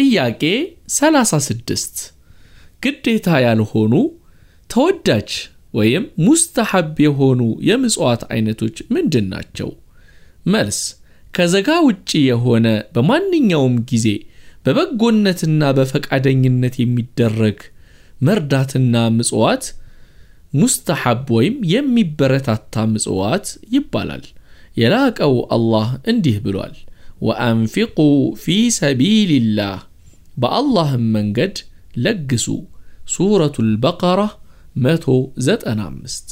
ጥያቄ 36 ግዴታ ያልሆኑ ተወዳጅ ወይም ሙስተሐብ የሆኑ የምጽዋት አይነቶች ምንድን ናቸው? መልስ ከዘጋ ውጪ የሆነ በማንኛውም ጊዜ በበጎነትና በፈቃደኝነት የሚደረግ መርዳትና ምጽዋት ሙስተሐብ ወይም የሚበረታታ ምጽዋት ይባላል። የላቀው አላህ እንዲህ ብሏል፣ ወአንፊቁ ፊ ሰቢልላህ በአላህም መንገድ ለግሱ ሱረቱል በቀራ መቶ ዘጠና አምስት